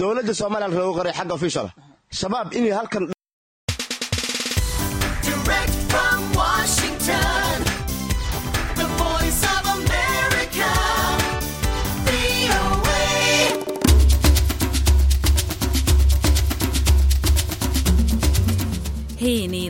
dowladda somalilan looga qoray xagga official shabaab inay halkan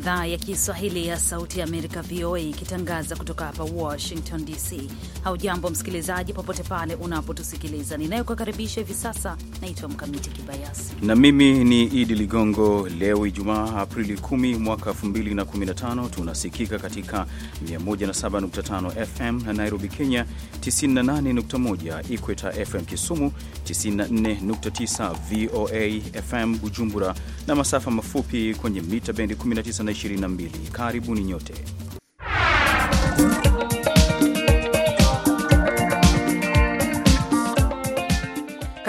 idhaa ya Kiswahili ya Sauti ya Amerika, VOA, ikitangaza kutoka hapa Washington DC. Haujambo msikilizaji, popote pale unapotusikiliza. Ninayekukaribisha hivi sasa naitwa Mkamiti Kibayasi na mimi ni Idi Ligongo. Leo Ijumaa, Aprili 10 mwaka 2015, tunasikika katika 107.5 FM na Nairobi, Kenya, 98.1 Ikweta FM Kisumu, 94.9 VOA FM Bujumbura na masafa mafupi kwenye mita bendi 19 na 22. Karibuni nyote.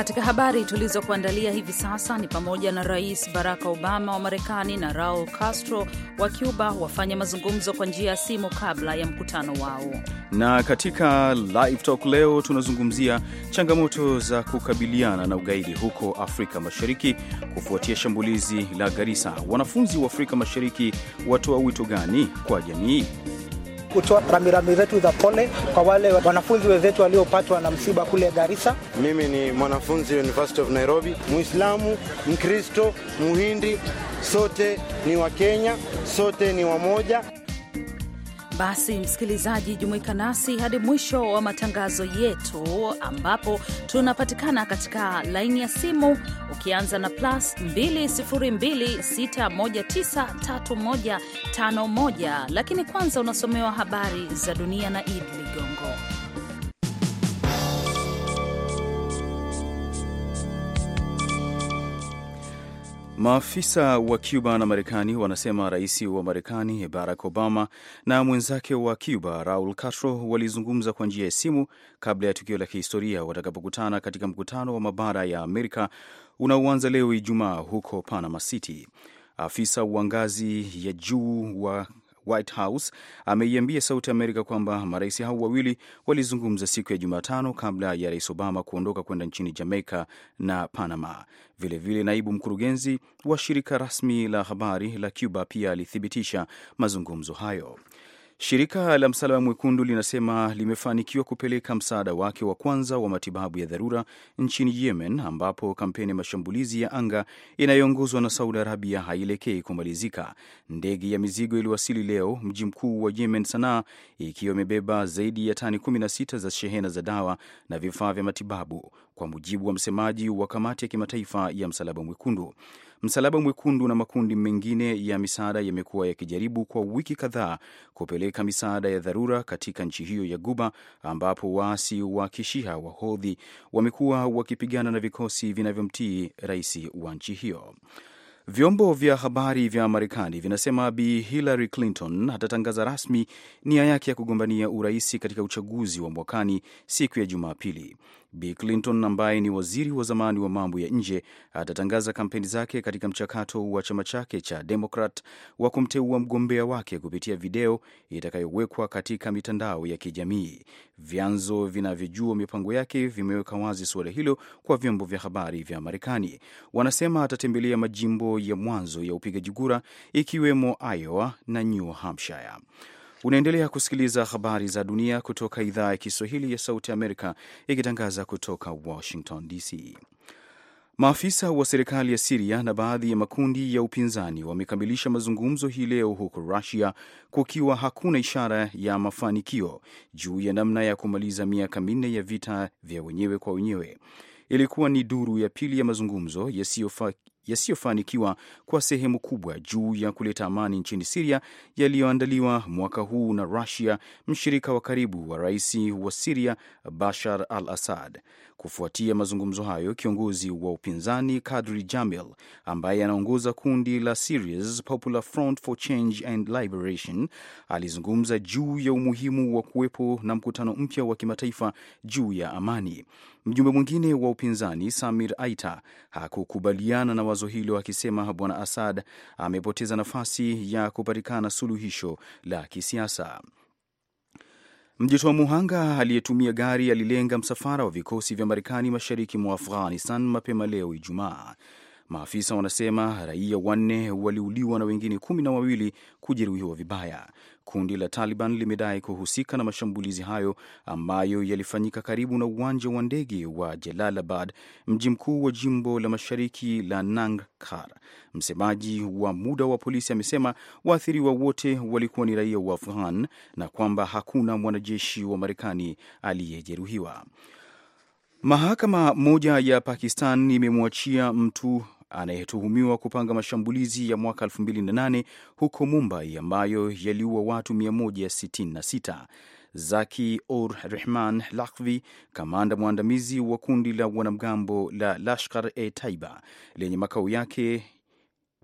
Katika habari tulizokuandalia hivi sasa ni pamoja na Rais Barack Obama wa Marekani na Raul Castro wa Cuba wafanya mazungumzo kwa njia ya simu kabla ya mkutano wao. Na katika Live Talk leo tunazungumzia changamoto za kukabiliana na ugaidi huko Afrika Mashariki kufuatia shambulizi la Garissa. Wanafunzi wa Afrika Mashariki watoa wito gani kwa jamii? kutoa rambirambi zetu za pole kwa wale wanafunzi wenzetu waliopatwa na msiba kule Garissa. Mimi ni mwanafunzi University of Nairobi, Muislamu, Mkristo, Muhindi, sote ni Wakenya, sote ni wamoja. Basi msikilizaji, jumuika nasi hadi mwisho wa matangazo yetu, ambapo tunapatikana katika laini ya simu ukianza na plus 2026193151. Lakini kwanza unasomewa habari za dunia na Idi Ligongo. Maafisa wa Cuba na Marekani wanasema rais wa Marekani Barack Obama na mwenzake wa Cuba Raul Castro walizungumza kwa njia ya simu kabla ya tukio la kihistoria watakapokutana katika mkutano wa mabara ya Amerika unaoanza leo Ijumaa huko Panama City. Afisa wa ngazi ya juu wa White House ameiambia Sauti Amerika kwamba marais hao wawili walizungumza siku ya Jumatano kabla ya Rais Obama kuondoka kwenda nchini Jamaica na Panama. Vilevile vile naibu mkurugenzi wa shirika rasmi la habari la Cuba pia alithibitisha mazungumzo hayo. Shirika la Msalaba Mwekundu linasema limefanikiwa kupeleka msaada wake wa kwanza wa matibabu ya dharura nchini Yemen, ambapo kampeni ya mashambulizi ya anga inayoongozwa na Saudi Arabia haielekei kumalizika. Ndege ya mizigo iliwasili leo mji mkuu wa Yemen, Sanaa, ikiwa imebeba zaidi ya tani 16 za shehena za dawa na vifaa vya matibabu, kwa mujibu wa msemaji wa Kamati ya Kimataifa ya Msalaba Mwekundu. Msalaba Mwekundu na makundi mengine ya misaada yamekuwa yakijaribu kwa wiki kadhaa kupeleka misaada ya dharura katika nchi hiyo ya Guba, ambapo waasi wa kishiha hodhi wamekuwa wakipigana na vikosi vinavyomtii rais wa nchi hiyo. Vyombo vya habari vya Marekani vinasema Bi Hillary Clinton atatangaza rasmi nia yake ya kugombania uraisi katika uchaguzi wa mwakani siku ya Jumapili. Bi Clinton ambaye ni waziri wa zamani wa mambo ya nje atatangaza kampeni zake katika mchakato wa chama chake cha Demokrat wa kumteua mgombea wake kupitia video itakayowekwa katika mitandao ya kijamii. Vyanzo vinavyojua mipango yake vimeweka wazi suala hilo kwa vyombo vya habari vya Marekani. Wanasema atatembelea majimbo ya mwanzo ya upigaji kura ikiwemo Iowa na New Hampshire. Unaendelea kusikiliza habari za dunia kutoka idhaa ya Kiswahili ya Sauti Amerika ikitangaza kutoka Washington DC. Maafisa wa serikali ya Siria na baadhi ya makundi ya upinzani wamekamilisha mazungumzo hii leo huko Rusia, kukiwa hakuna ishara ya mafanikio juu ya namna ya kumaliza miaka minne ya vita vya wenyewe kwa wenyewe. Ilikuwa ni duru ya pili ya mazungumzo yasiyofanikiwa kwa sehemu kubwa juu ya kuleta amani nchini Siria yaliyoandaliwa mwaka huu na Rusia, mshirika wa karibu wa rais wa Siria Bashar al Assad. Kufuatia mazungumzo hayo, kiongozi wa upinzani Kadri Jamil ambaye anaongoza kundi la Syria's Popular Front for Change and Liberation alizungumza juu ya umuhimu wa kuwepo na mkutano mpya wa kimataifa juu ya amani. Mjumbe mwingine wa upinzani Samir Aita hakukubaliana na wazo hilo, akisema Bwana Assad amepoteza nafasi ya kupatikana suluhisho la kisiasa. Mjitoa muhanga aliyetumia gari alilenga msafara wa vikosi vya Marekani mashariki mwa Afghanistan mapema leo Ijumaa. Maafisa wanasema raia wanne waliuliwa na wengine kumi na wawili kujeruhiwa vibaya. Kundi la Taliban limedai kuhusika na mashambulizi hayo ambayo yalifanyika karibu na uwanja wa ndege wa Jalalabad, mji mkuu wa jimbo la mashariki la kar Msemaji wa muda wa polisi amesema waathiriwa wote walikuwa ni raia wa Afghan na kwamba hakuna mwanajeshi wa Marekani aliyejeruhiwa. Mahakama moja ya Pakistan imemwachia mtu anayetuhumiwa kupanga mashambulizi ya mwaka 2008 huko Mumbai ambayo yaliua watu 166. Zaki ur Rehman Lakhvi, kamanda mwandamizi wa kundi la wanamgambo la Lashkar e Taiba lenye makao yake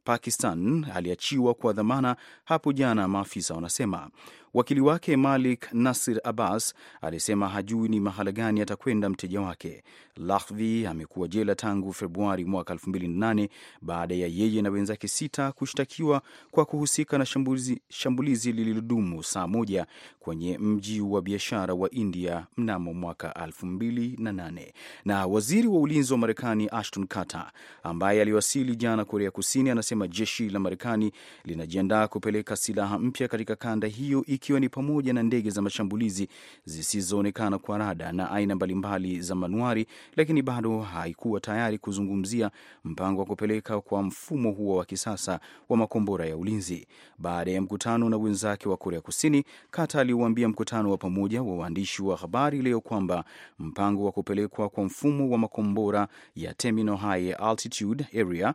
Pakistan aliachiwa kwa dhamana hapo jana, maafisa wanasema. Wakili wake Malik Nasir Abbas alisema hajui ni mahala gani atakwenda mteja wake. Lahvi amekuwa jela tangu Februari mwaka 2008 baada ya yeye na wenzake sita kushtakiwa kwa kuhusika na shambulizi, shambulizi lililodumu saa moja kwenye mji wa biashara wa India mnamo mwaka 2008. Na waziri wa ulinzi wa Marekani Ashton Carter ambaye aliwasili jana Korea Kusini anasema jeshi la Marekani linajiandaa kupeleka silaha mpya katika kanda hiyo ikiwa ni pamoja na ndege za mashambulizi zisizoonekana kwa rada na aina mbalimbali za manuari, lakini bado haikuwa tayari kuzungumzia mpango wa kupeleka kwa mfumo huo wa kisasa wa makombora ya ulinzi. Baada ya mkutano na wenzake wa Korea Kusini, Kata aliuambia mkutano wa pamoja wa waandishi wa habari leo kwamba mpango wa kupelekwa kwa mfumo wa makombora ya Terminal High Altitude Area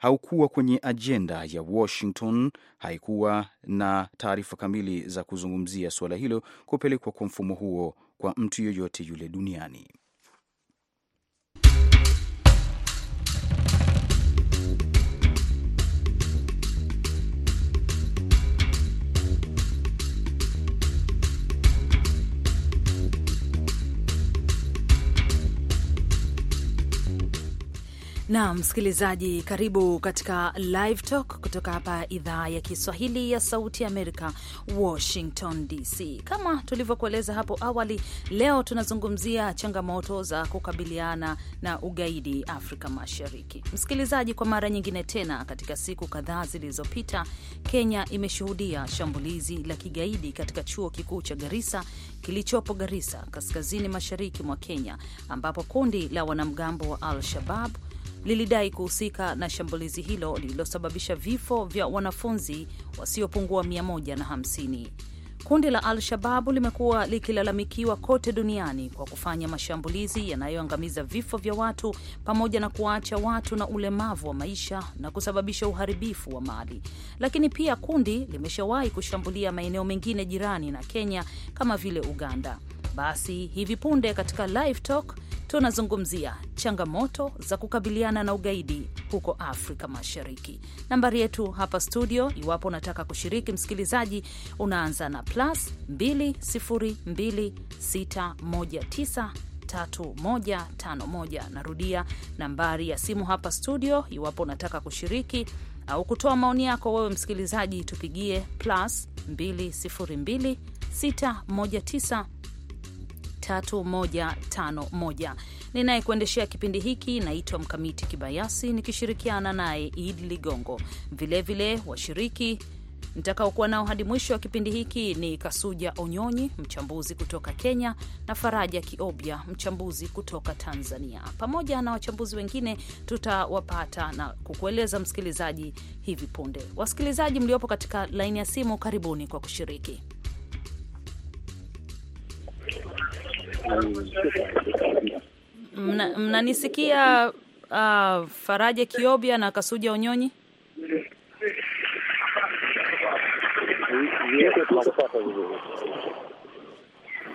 haukuwa kwenye ajenda ya Washington. Haikuwa na taarifa kamili za kuzungumzia suala hilo kupelekwa kwa mfumo huo kwa mtu yoyote yule duniani. na msikilizaji, karibu katika Live Talk kutoka hapa idhaa ya Kiswahili ya Sauti ya Amerika, Washington DC. Kama tulivyokueleza hapo awali, leo tunazungumzia changamoto za kukabiliana na ugaidi Afrika Mashariki. Msikilizaji, kwa mara nyingine tena, katika siku kadhaa zilizopita, Kenya imeshuhudia shambulizi la kigaidi katika chuo kikuu cha Garissa kilichopo Garissa, kaskazini mashariki mwa Kenya, ambapo kundi la wanamgambo wa Al Shabab lilidai kuhusika na shambulizi hilo lililosababisha vifo vya wanafunzi wasiopungua 150. Kundi la Al-Shababu limekuwa likilalamikiwa kote duniani kwa kufanya mashambulizi yanayoangamiza vifo vya watu pamoja na kuwaacha watu na ulemavu wa maisha na kusababisha uharibifu wa mali. Lakini pia kundi limeshawahi kushambulia maeneo mengine jirani na Kenya kama vile Uganda. Basi hivi punde katika Live Talk tunazungumzia changamoto za kukabiliana na ugaidi huko Afrika Mashariki. Nambari yetu hapa studio, iwapo unataka kushiriki, msikilizaji, unaanza na plus 202619 3151. Narudia nambari ya simu hapa studio, iwapo unataka kushiriki au kutoa maoni yako wewe msikilizaji, tupigie plus 202 619 13151. Ninayekuendeshea kipindi hiki naitwa Mkamiti Kibayasi nikishirikiana naye id Ligongo. Vilevile washiriki nitakaokuwa nao hadi mwisho wa kipindi hiki ni Kasuja Onyonyi, mchambuzi kutoka Kenya, na Faraja Kiobya, mchambuzi kutoka Tanzania, pamoja na wachambuzi wengine tutawapata na kukueleza msikilizaji hivi punde. Wasikilizaji mliopo katika laini ya simu, karibuni kwa kushiriki. Mnanisikia mna uh, Faraja Kiobya na Kasuja Onyonyi?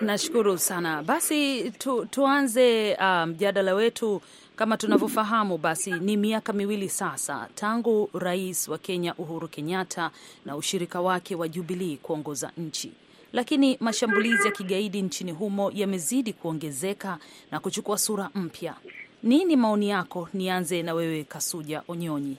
Nashukuru sana. Basi tu, tuanze uh, mjadala wetu. Kama tunavyofahamu, basi ni miaka miwili sasa tangu rais wa Kenya Uhuru Kenyatta na ushirika wake wa jubilii kuongoza nchi lakini mashambulizi ya kigaidi nchini humo yamezidi kuongezeka na kuchukua sura mpya. Nini maoni yako? Nianze na wewe Kasuja Onyonyi.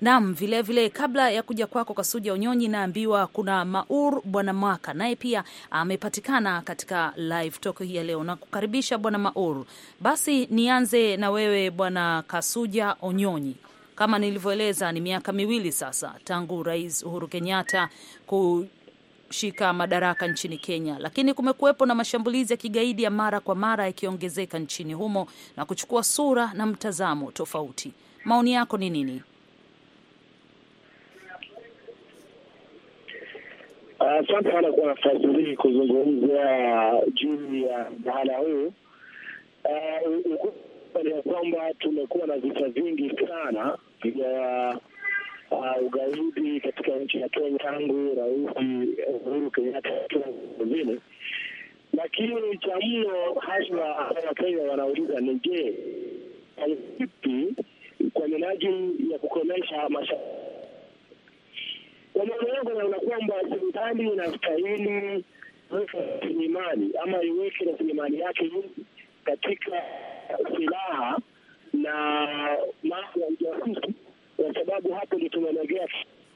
Naam, vilevile kabla ya kuja kwako Kasuja onyonyi naambiwa kuna Maur Bwana Mwaka naye pia amepatikana katika live talk hii ya leo, na kukaribisha Bwana Maur. Basi nianze na wewe Bwana Kasuja Onyonyi. Kama nilivyoeleza, ni miaka miwili sasa tangu Rais Uhuru Kenyatta ku kushika madaraka nchini Kenya, lakini kumekuwepo na mashambulizi ya kigaidi ya mara kwa mara yakiongezeka nchini humo na kuchukua sura na mtazamo tofauti. Maoni yako ni nini? Asante uh, sana kwa nafasi hii kuzungumza juu ya mjadala huu. Ah, ukweli ni kwamba tumekuwa na vita vingi sana vya uh, ugaidi katika nchi ya Kenya tangu Rais Uhuru Kenyatta vile. Lakini cha mno haswa Wakenya wanauliza ni je, vipi kwa minajili ya kukomesha masha kwa maana yangu naona kwamba serikali inastahili weka rasilimali ama iweke rasilimali yake katika silaha na mambo ya ujasusi kwa sababu hapo ndio tunalegea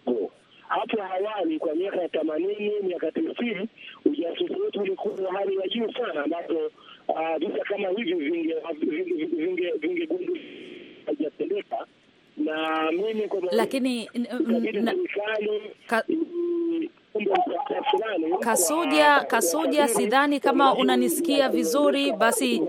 go. Hapo awali kwa miaka ya themanini, miaka tisini, ujasusi wetu ulikuwa na hali ya juu sana, ambapo ah, visa kama hivi vingegundu haijatendeka Na mimi kwa lakini Kasuja, Kasuja, sidhani kama unanisikia vizuri, basi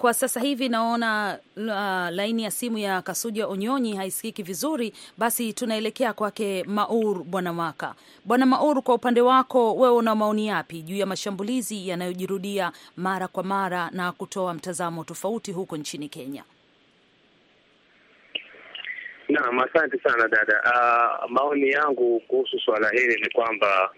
kwa sasa hivi naona uh, laini ya simu ya Kasuja Onyonyi haisikiki vizuri, basi tunaelekea kwake Maur Bwana Maka. Bwana Maur, kwa upande wako wewe una maoni yapi juu ya mashambulizi yanayojirudia mara kwa mara na kutoa mtazamo tofauti huko nchini Kenya? Naam, asante sana dada. Uh, maoni yangu kuhusu suala hili ni kwamba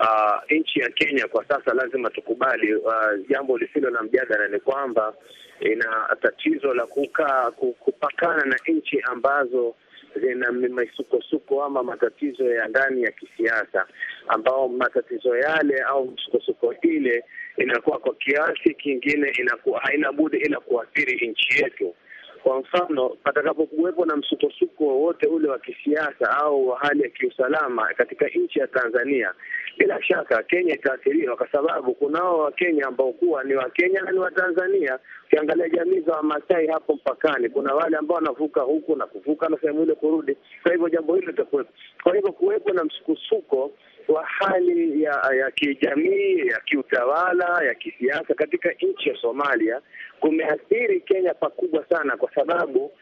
uh, nchi ya Kenya kwa sasa lazima tukubali uh, jambo lisilo na mjadala ni kwamba ina tatizo la kukaa kupakana na nchi ambazo zina misukosuko ama matatizo ya ndani ya kisiasa, ambao matatizo yale au misukosuko ile inakuwa kwa kiasi kingine inakuwa haina budi ila kuathiri nchi yetu. Kwa mfano, patakapokuwepo na msukosuko wowote ule wa kisiasa au wa hali ya kiusalama katika nchi ya Tanzania, bila shaka Kenya itaathiriwa, kwa sababu kunao Wakenya ambao kuwa ni Wakenya na ni Watanzania. Ukiangalia jamii za Wamasai hapo mpakani, kuna wale ambao wanavuka huku na kuvuka na sehemu ile kurudi. Kwa hivyo jambo hilo litakuwepo. Kwa hivyo kuwepo na msukosuko wa hali ya, ya kijamii ya kiutawala ya kisiasa katika nchi ya Somalia kumeathiri Kenya pakubwa sana, kwa sababu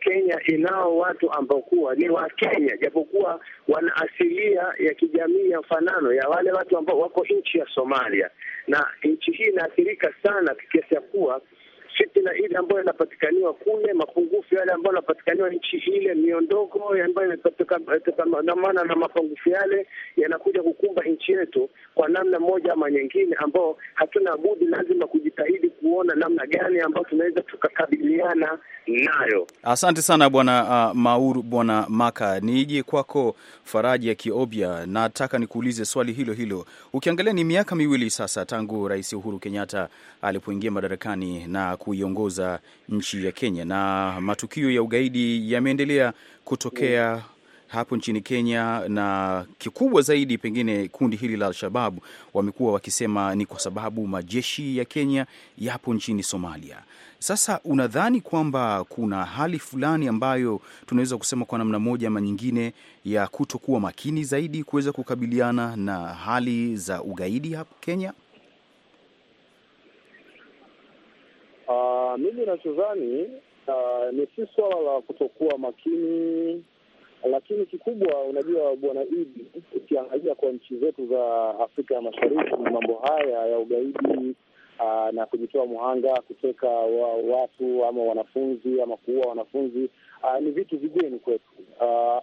Kenya inao watu ambao kuwa ni wa Kenya japokuwa wana asilia ya kijamii ya mfanano ya wale watu ambao wako nchi ya Somalia, na nchi hii inaathirika sana kiasi ya kuwa fitna ile ambayo inapatikaniwa kule, mapungufu yale ambayo yanapatikaniwa nchi ile, miondoko ambayo inatokana na mapungufu yale yanakuja kukumba nchi yetu kwa namna moja ama nyingine, ambao hatuna budi, lazima kujitahidi kuona namna gani ambayo tunaweza tukakabiliana nayo. Asante sana bwana uh, Mauru bwana Maka, niije kwako Faraji ya Kiobia, nataka nikuulize swali hilo hilo. Ukiangalia ni miaka miwili sasa tangu Rais Uhuru Kenyatta alipoingia madarakani na kuiongoza nchi ya Kenya, na matukio ya ugaidi yameendelea kutokea hapo nchini Kenya, na kikubwa zaidi pengine kundi hili la al wamekuwa wakisema ni kwa sababu majeshi ya Kenya yapo nchini Somalia. Sasa unadhani kwamba kuna hali fulani ambayo tunaweza kusema kwa namna moja ama nyingine ya kutokuwa makini zaidi kuweza kukabiliana na hali za ugaidi hapo Kenya? Ah, mimi nachodhani uh, ni si swala la kutokuwa makini, lakini kikubwa, unajua bwana Idi, ukiangalia kwa nchi zetu za Afrika ya Mashariki, mambo haya ya ugaidi uh, na kujitoa mhanga kuteka wa, watu ama wanafunzi ama kuua wanafunzi uh, ni vitu vigeni kwetu uh,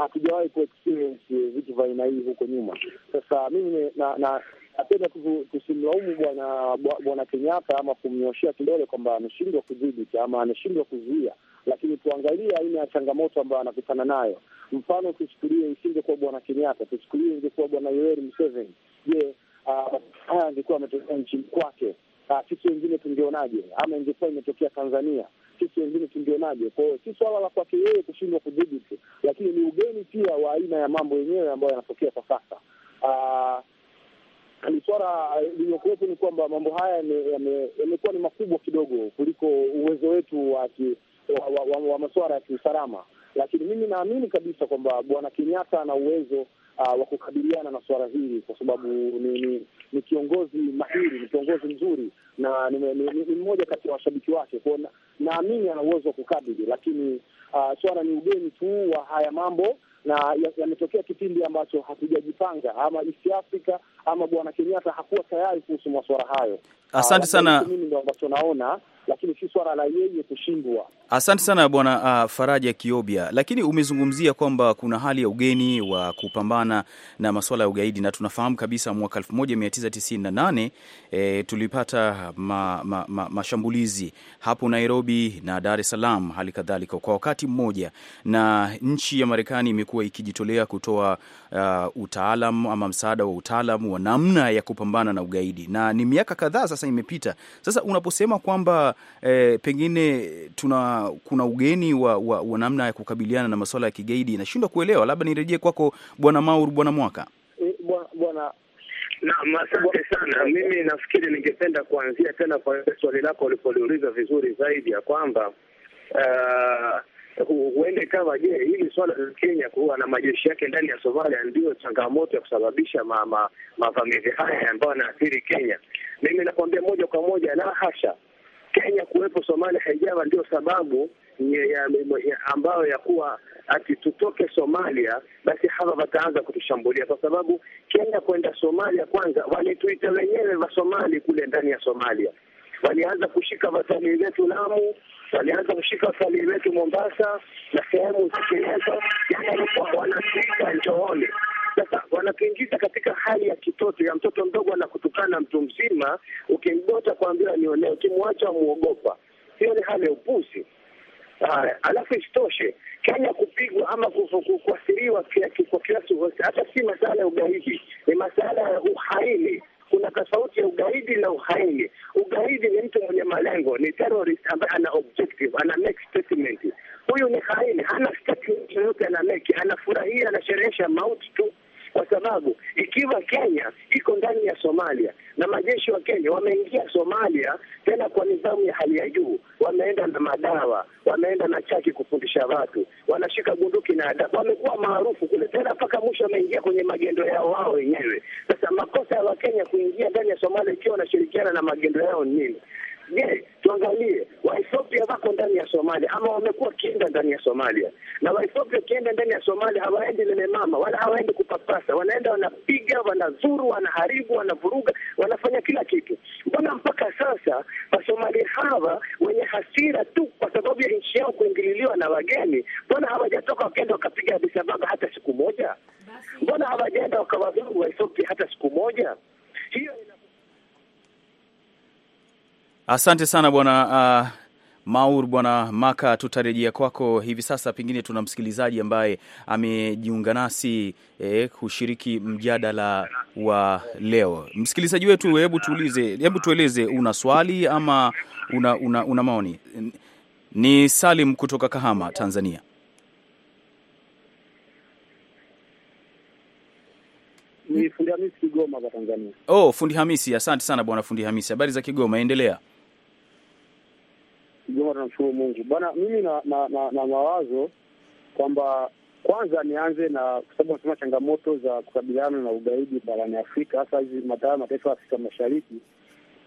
hatujawahi kuexperience vitu vya aina hii huko nyuma. Sasa mimi na, na napenda kusimlaumu bwana bwana Kenyatta ama kumnyoshea kidole kwamba ameshindwa kudhibiti ama ameshindwa kuzuia, lakini tuangalie aina ya changamoto ambayo anakutana nayo. Mfano, tuchukulie isingekuwa bwana Kenyatta, tuchukulie ingekuwa bwana Yoweri Museveni. Je, ah, haya angekuwa ametokea nchini kwake, ah, sisi wengine tungeonaje? Ama ingekuwa imetokea Tanzania, sisi wengine tungeonaje? Kwa hiyo si swala la kwake yeye kushindwa kudhibiti, lakini ni ugeni pia wa aina ya mambo yenyewe ambayo yanatokea kwa sasa. Ah, ni yaani swala uh, lililokuwepo ni kwamba mambo haya yamekuwa ni makubwa kidogo kuliko uwezo wetu wa, wa, wa, wa, wa masuala ya kiusalama, lakini mimi naamini kabisa kwamba Bwana Kenyatta ana uwezo Uh, wa kukabiliana na suala hili kwa sababu ni, ni, ni kiongozi mahiri, ni kiongozi mzuri na ni, ni, ni, ni mmoja kati ya washabiki wake kwao, naamini ana uwezo wa kukabili, lakini uh, suala ni ugeni tu wa haya mambo, na yametokea ya kipindi ambacho hatujajipanga ama East Africa ama bwana Kenyatta hakuwa tayari kuhusu masuala hayo. Asante ah, sana. Mimi ndio ambacho naona, lakini si swala la yeye kushindwa. Asante sana bwana uh, Faraja Kiobia. Lakini umezungumzia kwamba kuna hali ya ugeni wa kupambana na masuala ya ugaidi, na tunafahamu kabisa mwaka 1998 e, eh, tulipata ma, ma, ma, mashambulizi hapo Nairobi na Dar es Salaam hali kadhalika kwa wakati mmoja, na nchi ya Marekani imekuwa ikijitolea kutoa uh, utaalam ama msaada wa utaalam wa namna ya kupambana na ugaidi, na ni miaka kadhaa sasa imepita. Sasa unaposema kwamba eh, pengine tuna kuna ugeni wa, wa, wa namna ya kukabiliana na masuala ya kigaidi, inashindwa kuelewa. Labda nirejee kwako Bwana Maur Bwana Mwaka. Eh, Naam, asante sana. Mimi nafikiri ningependa kuanzia tena kwa swali lako ulipoliuliza vizuri zaidi ya kwamba uh, huende ikawa, je, hili swala la Kenya kuwa na majeshi yake ndani ya Somalia ndio changamoto ya kusababisha ma, ma, haya ambayo anaathiri Kenya? Mimi nakwambia moja kwa moja, la hasha. Kenya kuwepo Somalia haijawa ndio sababu ambayo ya kuwa ati tutoke Somalia basi hawa wataanza kutushambulia, kwa sababu Kenya kwenda Somalia kwanza walituita wenyewe Wasomali kule ndani ya Somalia, walianza kushika watalii wetu Lamu, walianza kushika wasanii wetu Mombasa na sehemu za Kenyatta, yani walikuwa wanasika njooni. Sasa wanatuingiza katika hali ya kitoto ya mtoto mdogo anakutukana mtu mzima, ukimgota kuambiwa nionee, ukimwacha muogopa. Hiyo ni hali ya upuzi. Haya, alafu isitoshe Kenya kupigwa ama kuathiriwa kwa kiasi hata si masala ya ugaidi, ni masala ya uhaini kuna tofauti ya ugaidi na uhaini. Ugaidi ni mtu mwenye malengo, ni terrorist ambaye ana objective, ana make statement. Huyu ni haini, hana statement yoyote ana make, anafurahia, anasherehesha mauti tu kwa sababu ikiwa Kenya iko ndani ya Somalia na majeshi wa Kenya wameingia Somalia tena kwa nidhamu ya hali ya juu, wameenda na madawa, wameenda na chaki kufundisha watu, wanashika bunduki na adabu, wamekuwa maarufu kule tena mpaka mwisho, wameingia kwenye magendo yao wao wenyewe. Sasa makosa ya Wakenya kuingia ndani ya Somalia ikiwa wanashirikiana na magendo yao ni nini? Je, tuangalie Waethiopia wako ndani ya Somalia ama wamekuwa wakienda ndani ya Somalia, na Waethiopia wakienda ndani ya Somalia hawaendi lelemama wala hawaendi kupapasa, wanaenda wanapiga, wanazuru, wanaharibu, wanavuruga, wanafanya kila kitu. Mbona mpaka sasa Wasomalia hawa wenye hasira tu kwa sababu ya nchi yao kuingililiwa na wageni, mbona hawajatoka wakienda wakapiga Addis hata siku moja? Mbona hawajaenda wakawazuru Waethiopia hata siku moja? Asante sana bwana uh, Maur bwana Maka, tutarejea kwako hivi sasa. Pengine tuna msikilizaji ambaye amejiunga nasi eh, kushiriki mjadala wa leo. Msikilizaji wetu, hebu tuulize, hebu tueleze, una swali ama una, una, una maoni? Ni Salim kutoka Kahama, Tanzania. Ni Fundi Hamisi, Kigoma kwa Tanzania. Oh, Fundi Hamisi, asante sana bwana Fundi Hamisi, habari za Kigoma, endelea. Juma, tunamshukuru Mungu bwana. Mimi na, na, na, na mawazo kwamba kwanza nianze na kwa sababu nasema changamoto za kukabiliana na ugaidi barani Afrika, hasa hizi mataa mataifa ya Afrika Mashariki.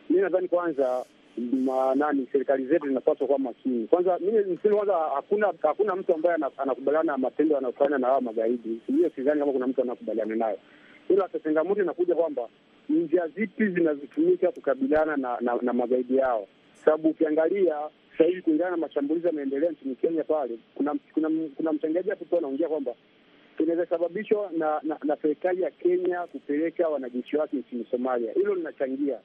Mi nadhani kwanza manani serikali zetu zinapaswa kuwa makini kwanza. Mimi kwanza, hakuna hakuna mtu ambaye anakubaliana na matendo yanayofanya na hawa magaidi, hiyo sidhani kama kuna mtu anakubaliana nayo, ila changamoto inakuja kwamba njia zipi zinazotumika kukabiliana na, na, na magaidi yao, sababu ukiangalia sasa hivi kulingana na mashambulizi yameendelea nchini Kenya pale, kuna kuna, kuna mchangiaji hapo anaongea kwamba inaweza sababishwa na, na, na serikali ya Kenya kupeleka wanajeshi wake nchini Somalia. Hilo linachangia,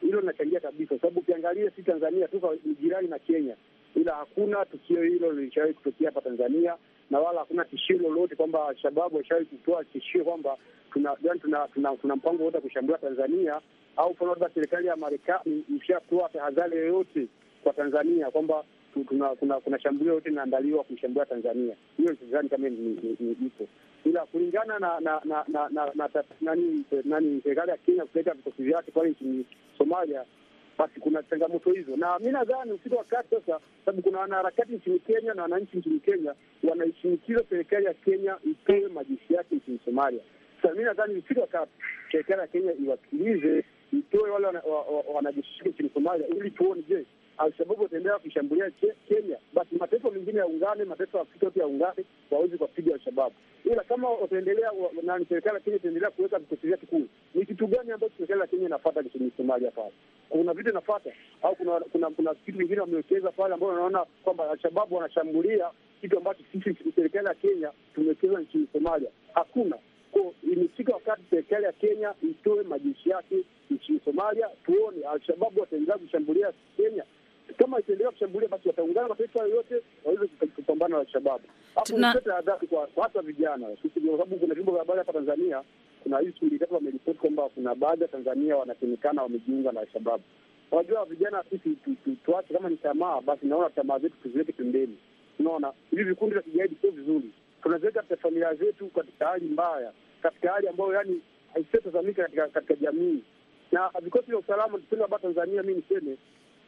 hilo linachangia kabisa, sababu ukiangalia si Tanzania tu ni jirani na Kenya, ila hakuna tukio hilo lilishawahi kutokea hapa Tanzania na wala hakuna tishio lolote kwamba Alshababu washawahi kutoa tishio kwamba tuna yani tuna, tuna, tuna mpango wote wa kushambulia Tanzania au mfano labda serikali ya Marekani ishatoa tahadhari yoyote kwa Tanzania kwamba kuna, kuna, kuna shambulio yote inaandaliwa kumshambulia Tanzania. Hiyo sidhani kama ipo, ila kulingana na na na na na nani serikali ya Kenya kupeleka vikosi vyake pale nchini Somalia, basi kuna changamoto hizo, na mi nadhani ufika wakati sasa, sababu kuna wanaharakati nchini Kenya na wananchi nchini Kenya wanaishinikiza serikali ya Kenya ipewe majeshi yake nchini Somalia. Sasa mi nadhani ufika wakati serikali ya Kenya iwasikilize, itoe wale wanajeshi nchini Somalia ili tuone je Alshababu wataendelea kushambulia Kenya, basi mataifa mengine yaungane, mataifa ya Afrika yote yaungane waweze kuwapiga Alshababu. Ila kama wataendelea na serikali ya Kenya itaendelea kuweka vikosi vyake kule, ni kitu gani ambacho serikali ya Kenya inafata nchini Somalia pale? Kuna vitu inafata au kuna kuna kuna kitu kingine wamewekeza pale ambao wanaona kwamba Alshababu wanashambulia kitu ambacho sisi serikali ya Kenya tumewekeza nchini Somalia? Hakuna. Ko imefika wakati serikali ya Kenya itoe majeshi yake nchini Somalia, tuone Alshababu wataendelea kushambulia Kenya kama ikiendelea kushambulia basi wataungana mataifa yoyote waweze kupambana na Alshababu. Hapo nipete kwa hata vijana, kwa sababu kuna vyombo vya habari hapa Tanzania, kuna hii shughuli tatu wameripoti kwamba kuna baadhi ya Tanzania wanasemekana wamejiunga na Alshababu. Wajua vijana, sisi tuache, kama ni tamaa basi, naona tamaa zetu tuziweke pembeni. Unaona, hivi vikundi vya kigaidi sio vizuri, tunaziweka katika familia zetu katika hali mbaya, katika hali ambayo yani haisiotazamika katika, katika jamii na vikosi vya usalama. Tuseme hapa Tanzania, mi niseme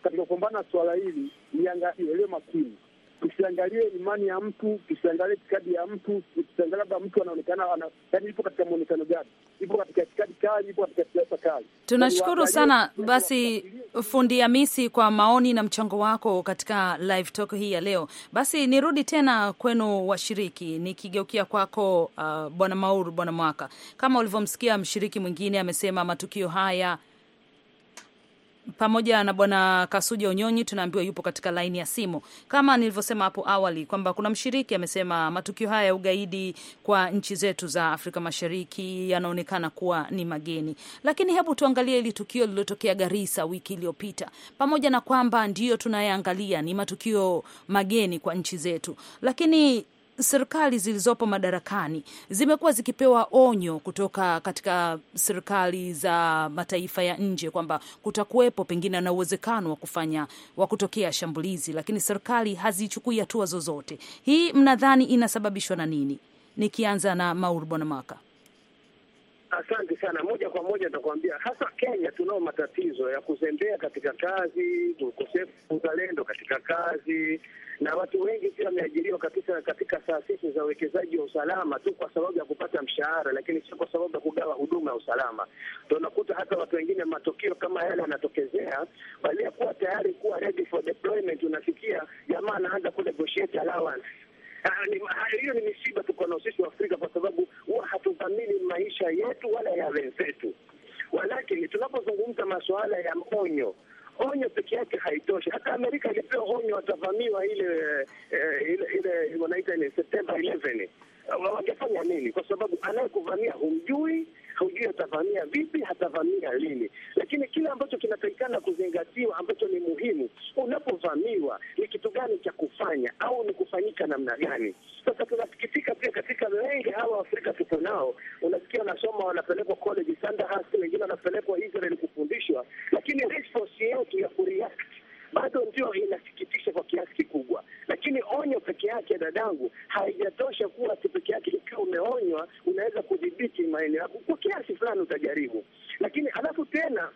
katika kupambana na suala hili liangaliwe, liwe makini. Tusiangalie imani ya mtu, tusiangalie itikadi ya mtu, tusiangalie labda mtu anaonekana ana, yani ipo katika mwonekano gani, ipo katika itikadi kali, ipo katika siasa kali. Tunashukuru yaani sana basi Fundi Hamisi kwa maoni na mchango wako katika live talk hii ya leo. Basi nirudi tena kwenu washiriki, nikigeukia kwako uh, Bwana Maur, Bwana Mwaka, kama ulivyomsikia mshiriki mwingine amesema matukio haya pamoja na Bwana Kasuja unyonyi tunaambiwa yupo katika laini ya simu. Kama nilivyosema hapo awali kwamba kuna mshiriki amesema matukio haya ya ugaidi kwa nchi zetu za Afrika Mashariki yanaonekana kuwa ni mageni, lakini hebu tuangalie hili tukio lililotokea Garissa wiki iliyopita. Pamoja na kwamba ndiyo tunayeangalia ni matukio mageni kwa nchi zetu, lakini serikali zilizopo madarakani zimekuwa zikipewa onyo kutoka katika serikali za mataifa ya nje kwamba kutakuwepo pengine na uwezekano wa kufanya wa kutokea shambulizi, lakini serikali hazichukui hatua zozote. Hii mnadhani inasababishwa na nini? Nikianza na Maur Bwanamaka. Asante sana. Moja kwa moja nitakwambia, hasa Kenya tunao matatizo ya kuzembea katika kazi, ukosefu uzalendo katika kazi na watu wengi pia wameajiriwa katika katika taasisi za uwekezaji wa usalama tu kwa sababu ya kupata mshahara, lakini sio kwa sababu ya kugawa huduma ya usalama. Tunakuta hata watu wengine matukio kama yale yanatokezea, bali ya kuwa tayari kuwa ready for deployment, unafikia jamaa anaanza ku negotiate allowance. Ah, ah, hiyo ni misiba tuko na sisi wa Afrika, kwa sababu huwa hatudhamini maisha yetu wala ya wenzetu, walakini tunapozungumza masuala ya onyo onyo peke yake haitoshi. Hata Amerika ilipewa onyo, watavamiwa eh, eh, ile ile wanaita ile Septemba 11 wangefanya nini? Kwa sababu anayekuvamia humjui, hujui atavamia vipi, hatavamia lini. Lakini kile ambacho kinatakikana kuzingatiwa, ambacho ni muhimu, unapovamiwa ni kitu gani cha kufanya au ni kufanyika namna gani? Sasa tunasikika pia katika wengi hawa Afrika tuko nao, unasikia wanasoma, wanapelekwa college Sandhurst, wengine wanapelekwa Israel kufundishwa, lakini response yetu ya kureact bado ndio inasikitisha kwa kiasi kikubwa. Lakini onyo peke yake, dadangu, haijatosha kuwa ati peke yake. Ikiwa umeonywa, unaweza kudhibiti maeneo yako kwa kiasi fulani, utajaribu, lakini alafu tena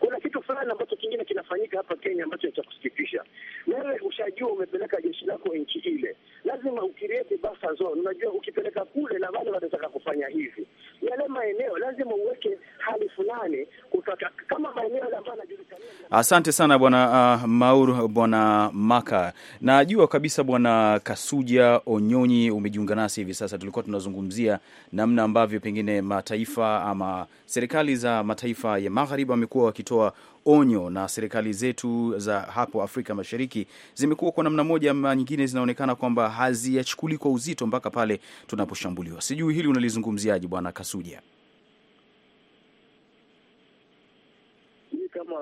kuna kitu fulani ambacho kingine kinafanyika hapa Kenya ambacho cha kusikitisha. Wewe ushajua umepeleka jeshi lako nchi ile, lazima ukiriete buffer zone. Unajua ukipeleka kule na wale wanataka kufanya hivi yale maeneo, lazima uweke hali fulani kutaka, kama maeneo ambayo yanajulikana. Asante sana bwana uh, Maur bwana Maka, najua kabisa bwana Kasuja Onyonyi umejiunga nasi hivi sasa. Tulikuwa tunazungumzia namna ambavyo pengine mataifa ama serikali za mataifa ya magharibi wamekuwa wakitoa zimetoa onyo na serikali zetu za hapo Afrika Mashariki zimekuwa kwa namna moja ama nyingine zinaonekana kwamba haziyachukuli kwa uzito mpaka pale tunaposhambuliwa. Sijui hili unalizungumziaje, Bwana Kasuja? kama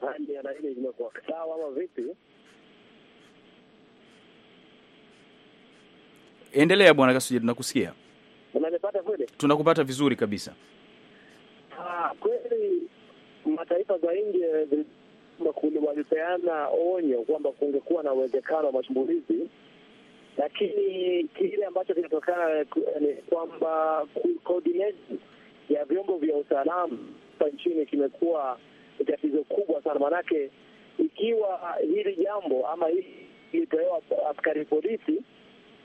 hali ya zimekuwa sawa ama vipi. Endelea Bwana Kasuja, tunakusikia. Unanipata kweli? Tunakupata vizuri kabisa mataifa za nje eh, walipeana onyo kwamba kungekuwa na uwezekano wa mashambulizi, lakini kile ambacho kinatokana eh, eh, ni kwamba coordination ya vyombo vya usalama hapa nchini kimekuwa ni tatizo kubwa sana. Maanake ikiwa hili jambo ama hii ilitolewa askari polisi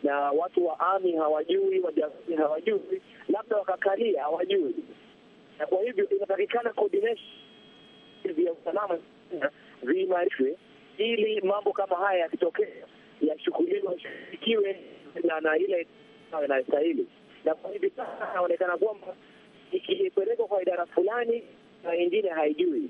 na watu wa ami hawajui, wajamii hawajui, labda wakakalia hawajui, na kwa hivyo inatakikana coordination vya usalama viimarishwe, ili mambo kama haya yakitokea yachukuliwe ikiwe na na ile inayostahili. Na kwa hivi sasa inaonekana kwamba ikipelekwa kwa idara fulani na ingine haijui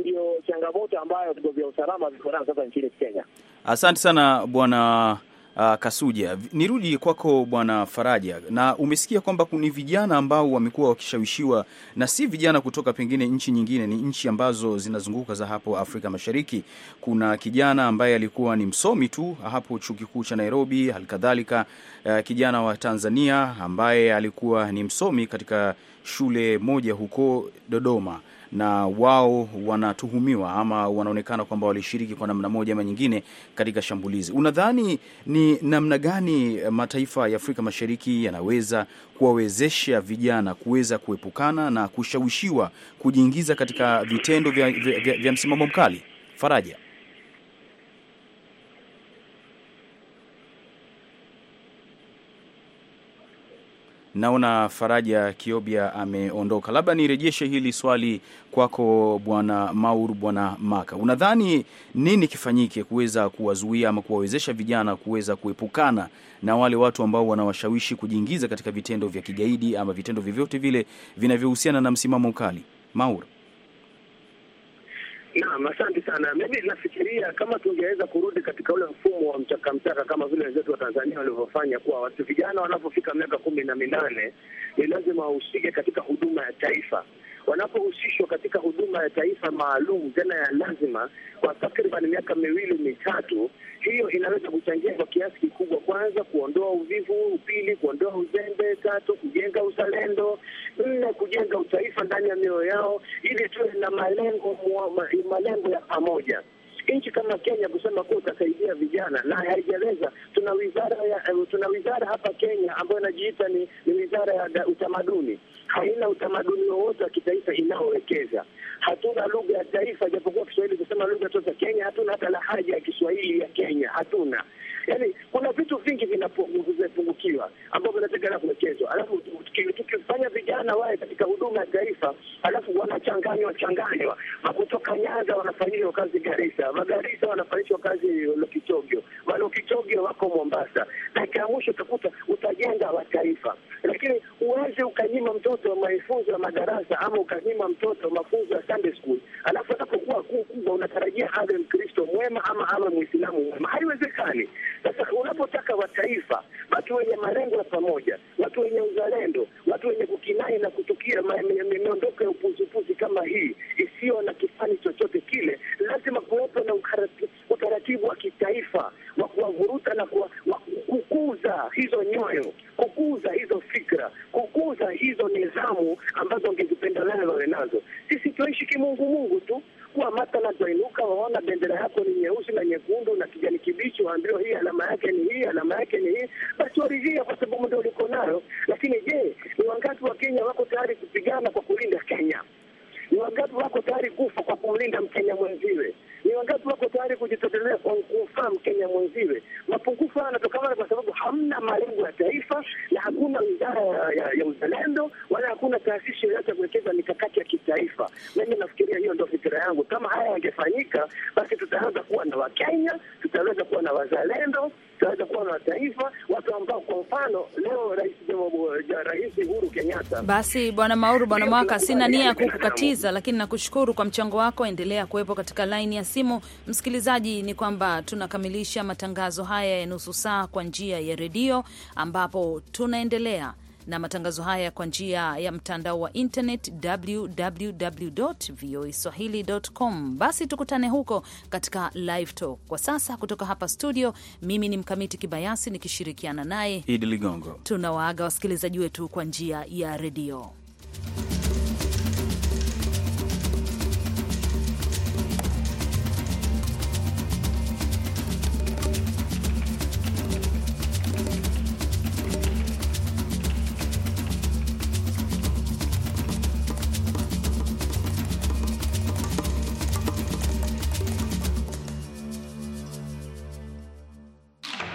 ndio changamoto ambayo vituo vya usalama viko nayo sasa nchini Kenya. Asante sana bwana uh, Kasuja. Nirudi kwako Bwana Faraja, na umesikia kwamba ni vijana ambao wamekuwa wakishawishiwa, na si vijana kutoka pengine nchi nyingine, ni nchi ambazo zinazunguka za hapo Afrika Mashariki. Kuna kijana ambaye alikuwa ni msomi tu hapo chuo kikuu cha Nairobi, halikadhalika uh, kijana wa Tanzania ambaye alikuwa ni msomi katika shule moja huko Dodoma na wao wanatuhumiwa ama wanaonekana kwamba walishiriki kwa namna moja ama nyingine katika shambulizi. Unadhani ni namna gani mataifa ya Afrika Mashariki yanaweza kuwawezesha vijana kuweza kuepukana na kushawishiwa kujiingiza katika vitendo vya, vya, vya, vya msimamo mkali? Faraja. Naona Faraja Kiobia ameondoka, labda nirejeshe hili swali kwako Bwana Maur, Bwana Maka, unadhani nini kifanyike kuweza kuwazuia ama kuwawezesha vijana kuweza kuepukana na wale watu ambao wanawashawishi kujiingiza katika vitendo vya kigaidi ama vitendo vyovyote vile vinavyohusiana na msimamo mkali? Maur. Naam, asante sana. Mimi nafikiria kama tungeweza kurudi katika ule mfumo wa mchaka mchaka kama vile wenzetu wa Tanzania walivyofanya, kuwa watu vijana wanapofika miaka kumi na minane ni lazima wahusike katika huduma ya taifa. Wanapohusishwa katika huduma ya taifa maalum tena ya lazima kwa takriban miaka miwili mitatu, hiyo inaweza kuchangia kwa kiasi kikubwa, kwanza kuondoa uvivu, pili kuondoa uzembe, tatu kujenga uzalendo, nne kujenga utaifa ndani ya mioyo yao, ili tuwe na malengo malengo ya pamoja nchi kama Kenya kusema kuwa utasaidia vijana na haijaleza. Tuna wizara ya, eh, tuna wizara hapa Kenya ambayo inajiita ni, ni wizara ya utamaduni haina utamaduni wowote wa kitaifa inaowekeza. Hatuna lugha ya taifa, japokuwa Kiswahili kusema lugha za Kenya. Hatuna hata lahaja ya Kiswahili ya Kenya, hatuna yani kuna vitu vingi vinapungukiwa ambavyo vinatakana kuwekezwa, alafu tukifanya vijana wae katika huduma ya taifa, alafu wanachanganywa changanywa, makutoka Nyanza wanafanyishwa kazi Garisa, Magarisa wanafanyishwa kazi Lokichogyo, Malokichogyo wako Mombasa, dakika ya mwisho utakuta utajenga wa taifa, lakini uweze ukanyima mtoto mafunzo ya madarasa ama ukanyima mtoto mafunzo ya Sunday school, alafu kuu kubwa unatarajia awe Mkristo mwema ama ama Mwislamu mwema, haiwezekani. Sasa unapotaka wataifa, watu wenye malengo ya pamoja, watu wenye uzalendo, watu wenye kukinai na kutukia miondoko ya upuzupuzi kama hii isiyo na kifani chochote Rais Uhuru Kenyatta. Basi Bwana Mauru, Bwana Mwaka, sina nia ya kukukatiza, lakini nakushukuru kwa mchango wako. Endelea kuwepo katika laini ya simu. Msikilizaji, ni kwamba tunakamilisha matangazo haya ya nusu saa kwa njia ya redio, ambapo tunaendelea na matangazo haya kwa njia ya mtandao wa internet www.voaswahili.com. Basi tukutane huko katika live talk. Kwa sasa kutoka hapa studio, mimi ni Mkamiti Kibayasi nikishirikiana naye Idi Ligongo, tunawaaga wasikilizaji wetu kwa njia ya redio.